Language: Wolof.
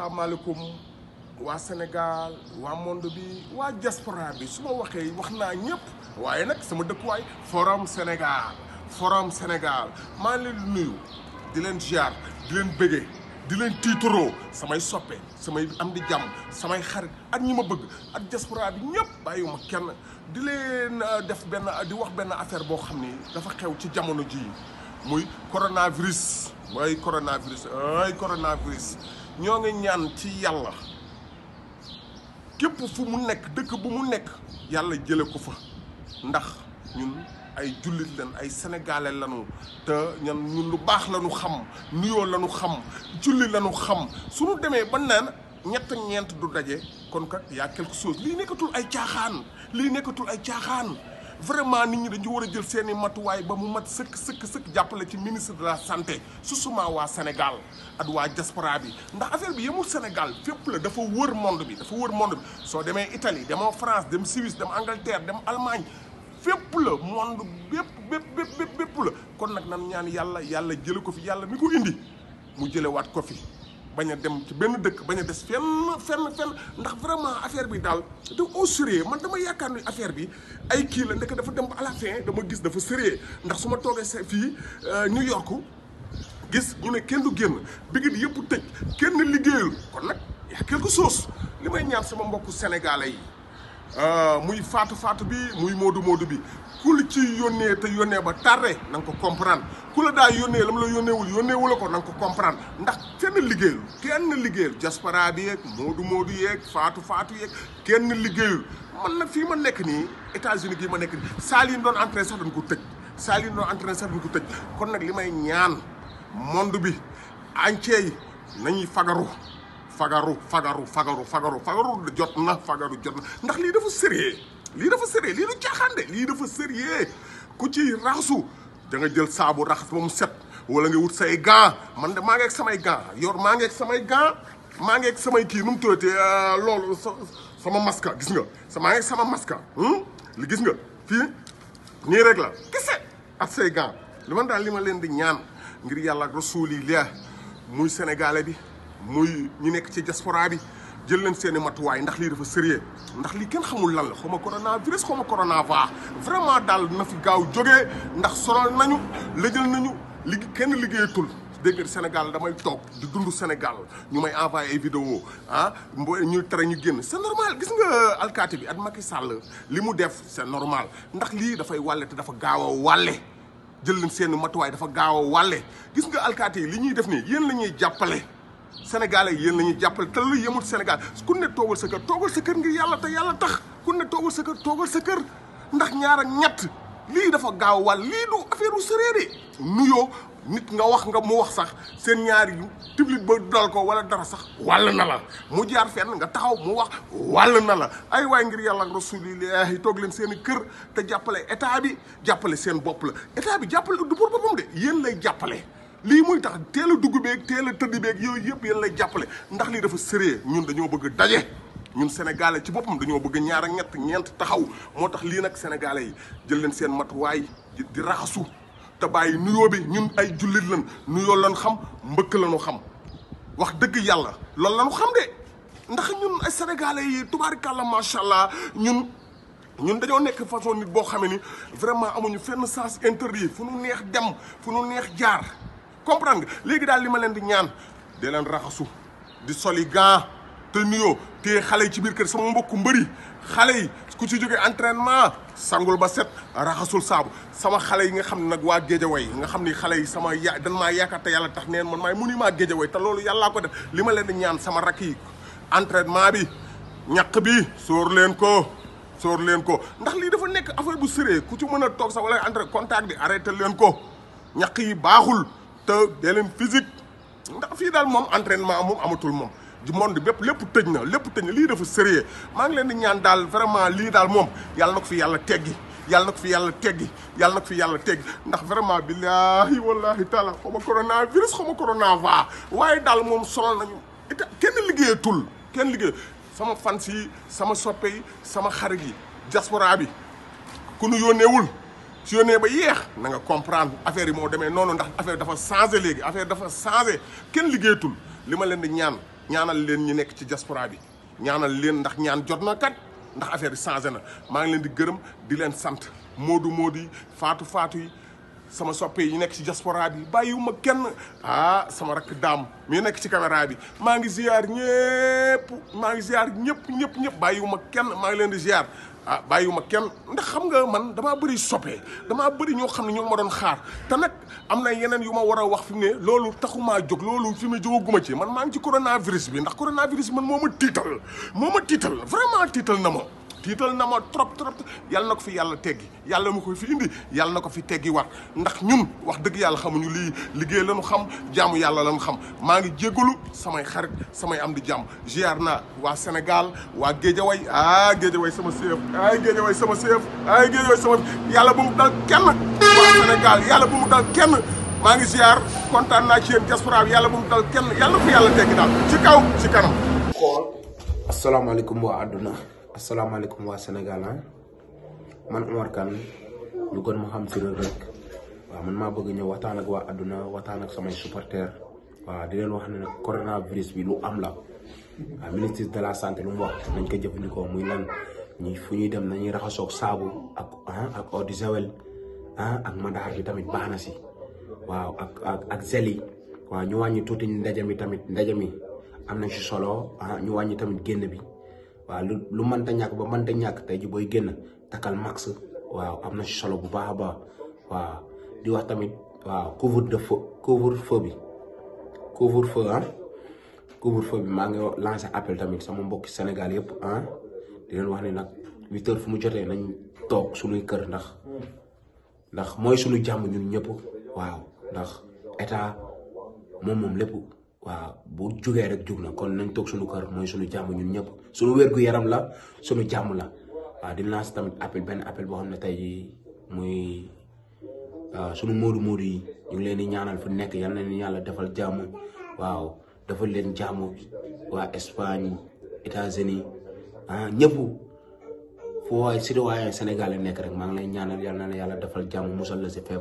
asalaamaaleykum waa Sénégal waa monde bi waa diaspora bi su ma waxee wax naa ñëpp waaye nag sama dëkkuwaay forum Sénégal forum Sénégal maa ngi leen nuyu di leen ziar di leen bëggee di leen tiitaroo samay soppe samay am di jàmm samay xarit ak ñi ma bëgg ak diaspora bi ñëpp bàyyiwuma kenn di leen euh, def benn di wax benn affaire boo xam ni dafa xew ci jamono ji muy coronavirus. mooy coronavirus ay coronavirus ñoo ngi ñaan ci yàlla képp fu mu nekk dëkk bu mu nekk yàlla jële ko fa ndax ñun ay jullit lañ ay sénégalais lañu te ñan ñun lu baax lañu xam nuyoo lañu xam julli lañu xam suñu demee ba naan ñett ñeent du daje kon kat y a quelque chose lii nekkatul ay caaxaan lii nekkatul ay caaxaan vraiment nit ñi dañu war a jël seeni matuwaay ba mu mat sëkk sëkk sëkk jàppale ci ministre de la santé susuma waa Sénégal ak waa diaspora bi ndax affaire bi yemul Sénégal fépp la dafa wër monde bi dafa wër monde bi soo demee itali demoo France dem Suisse dem Angleterre dem Allemagne fépp la monde bépp bépp bépp bépp la kon nag nan ñaan yàlla yàlla jële ko fi yàlla mi ko indi mu jëlewaat ko fi bañ a dem ci benn dëkk bañ a des fenn fenn fenn ndax vraiment affaire bi daal te au sérieux man dama yaakaar ni affaire bi ay kii la ndek dafa dem ba à la dama gis dafa sérieux ndax su ma toogee se fii euh, New York gis ñu ne kenn du génn bigit yëpp tëj kenn liggéeyul kon nag yaa quelque chose li may ñaan sama mbokku sénégalais yi. Euh, muy faatu faatu bi muy moodu moodu bi ku la ci yónnee te yónnee ba tardé na nga ko comprendre ku la daa yónnee la mu la yónneewul yónneewu la ko na nga ko comprendre ndax kenn liggéeyul kenn liggéeyul diaspora bi yeeg moodu moodu yeeg faatu faatu yeeg kenn liggéeyul man nag fii ma nekk nii États-Unis gii ma nekk nii saaliin yi ñu doon entraîné sax dañ ko tëj saal yi ñu doon entraîné sax dañ tëj kon nag li may ñaan monde bi entier yi nañuy fagaru fagaru fagaru fagaru fagaru fagaru jot na fagaru jot na ndax lii dafa sérieux lii dafa sérieux lii du caaxaan de lii dafa sérieux ku ci raxasu da jël saabu raxas ba mu set wala nga wut say gants man de maa ngi samay gants yor maa ngi samay gaa maa ngi samay kii nu mu tuddati euh, loolu sama maska gis nga sama maa ngi sama masque hmm? gis nga fii nii rek la kese ak say gants li man daal li ma leen di ñaan ngir yàlla ak rasuuli leer muy sénégalais bi muy ñu nekk ci diaspora bi jël leen seen i matuwaay ndax lii dafa sérieux ndax lii xamul lan la xaw ma coronavirus ma corona vaax vraiment daal na fi gaaw jógee ndax sonal nañu lëjal nañu li kenn liggéeyatul dégg Sénégal damay toog di dund Sénégal ñu may envoyé ay vidéo ah mbo ñu tere ñu génn c'est normal gis nga alkaati bi at Macky li mu def c'est normal ndax lii dafay wàlle te dafa gaaw a wàlle jël leen seen matuwaay dafa gaaw a wàlle gis nga alkaati yi li ñuy def nii yéen la ñuy jàppale sénégalais yéen la ñuy jàppale te lu yemul sénégal ku ne toogal sa kër toogal sa kër ngir yàlla te yàlla tax ku ne toogal sa toogal sa kër ndax ñaar ak ñett lii dafa gaaw wàll lii du affaire u nuyoo nit nga wax nga mu wax sax seen ñaari tiblit ba dal ko wala dara sax wàll na la mu jaar fenn nga taxaw mu wax wàll na la ay waay ngir yàlla ak rasulillahi toog leen seen i kër te jàppale état bi jàppale seen bopp la état bi jàppale du pour boppam de yéen lay jàppale lii muy tax teel a dugg beeg teel a tëdd beeg yooyu yëpp yéen lay jàppale ndax lii dafa sérieux ñun dañoo bëgg daje ñun sénégalais ci boppam dañoo bëgg ñaar ñett ñeent taxaw moo tax lii nag sénégalais yi jël leen seen matuwaay di raxasu te bàyyi nuyoo bi ñun ay jullit lan nuyoo lan xam mbëkk lañu xam wax dëgg yàlla loolu lañu xam de ndax ñun ay sénégalais yi tubaarikàlla macha allah ñun. ñun dañoo nekk façon nit boo xamee ni vraiment amuñu fenn sens interdit fu nu neex dem fu nu neex jaar. comprendre nga léegi daal li ma leen di ñaan di leen raxasu di soli gant te nuyoo te xale yi ci biir kër sama mbokku mbëri xale yi ku ci jógee entrainement sangul ba set raxasul saabu sama xale yi nga xam ne nag waa géejaway nga xam ni xale yi sama ya dan maa yaakaar yàlla tax neen man maay monument géejaway te loolu yàllaa ko def li ma leen di ñaan sama rakk yi entraînement bi ñaq bi sóor leen ko soor leen ko ndax lii dafa nekk affaire bu sérée ku ci mën a toog sax wala entraîné contact bi arrêté leen ko ñaq yi baaxul toog dee leen physique ndax fii daal moom entraînement moom amatul moom du monde bépp lépp tëj na lépp tëj na lii dafa sérieux maa ngi leen di ñaan daal vraiment lii daal moom yàlla na ko fi yàlla teggi yàlla na ko fi yàlla teggi yàlla na ko fi yàlla teggi ndax vraiment billahi wallahi taala xaw ma coronavirus xaw ma corona va waaye daal moom sonal nañu état kenn liggéeyatul kenn liggéey sama fans yi sama soppe yi sama xarit yi diaspora bi ku nu yónneewul su yónnee ba yéex na nga comprendre affaire yi moo demee noonu ndax affaire dafa changé léegi affaire dafa changé kenn liggéeyatul li ma leen di ñaan ñaanal leen ñi nekk ci diaspora bi ñaanal leen ndax ñaan jot na kat ndax affaire changé na maa ngi di gërëm di leen sant moodu moodu yi faatu faatu yi sama soppe yi nekk ci diaspora bi bàyyiwuma kenn ah sama rakk daam mi nekk ci caméra bi maa ngi ziar ñëpp maa ngi ziar ñëpp ñëpp ñëpp bàyyiwuma kenn maa ngi leen di ziar ah bàyyiwuma kenn ndax xam nga man damaa bari soppe damaa bari ñoo xam ne ñoo ma doon xaar te nag am na yeneen yu ma war a wax fi mu ne loolu taxumaa jóg loolu fi ne jógaguma ci man maa ngi ci coronavirus bi ndax coronavirus bi man moo ma tiital moo ma tiital vraiment tiital na ma. tiital na ma trop trop yàlla na ko fi yàlla teggi yàlla ma koy fi yàlla na ko fi teggi war ndax ñun wax dëgg yàlla xamuñu lii liggéey lañu xam jaamu yàlla lañu xam maa ngi jégalu samay xarit samay am di jàmm ziar na waa Sénégal waa Géejawaay ah Géejawaay sama séef sama séef ay Géejawaay sama yàlla bu mu dal kenn waa yàlla bu mu dal kenn maa ngi ziar kontaan naa ci yéen diaspora yàlla bu mu dal kenn yàlla fi yàlla teggi daal ci kaw ci kanam. xool asalaamaaleykum waa àdduna. asalaamaaleykum waa Sénégal ah. man Omar Kane ñu gën ma xam ci Reug Reug waaw man maa bëgg ñëw waxtaan ak waa àdduna waxtaan ak samay supporters waaw di leen wax ne nag coronavirus bi lu am la waaw ministre de lu mu wax nañ ko jëfandikoo muy lan ñi fu ñuy dem nañuy raxasoog saabu ak ah, ak eau de javel ah ak madaar bi tamit baax na si waaw ak ak ak ñu wàññi tuuti ndaje mi tamit ndaje mi am nañ si solo ah ñu wàññi tamit génn bi. waaw lu man ta ñàkk ba mënta ñàkk tey ji booy génn takkal max waaw am na si solo bu baax a baax waaw di wax tamit waaw couvre de feu couvre bi couvre feu ah couvre maa ngi lancé appel tamit sama mbokki Sénégal yëpp ah di wax ne nag huit fu mu jotee nañ toog suñuy kër ndax ndax mooy sulu jàmm ñun ñëpp waaw ndax état moom moom lépp waaw bu jógee rek jóg na kon nañ toog suñu kër mooy suñu jàmm ñun ñëpp suñu wérgu yaram la suñu jàmm la waaw di lancer tamit appel benn appel boo xam ne tey jii muy sunu moodu moodu yi ñu ngi leen di ñaanal fu nekk yal na leen yàlla defal jàmm waaw defal leen jàmm waa Espagne États-Unis ah ñëpp foo waay si waaye nekk rek maa ngi lay ñaanal yal na yàlla defal jàmm musal la si feebar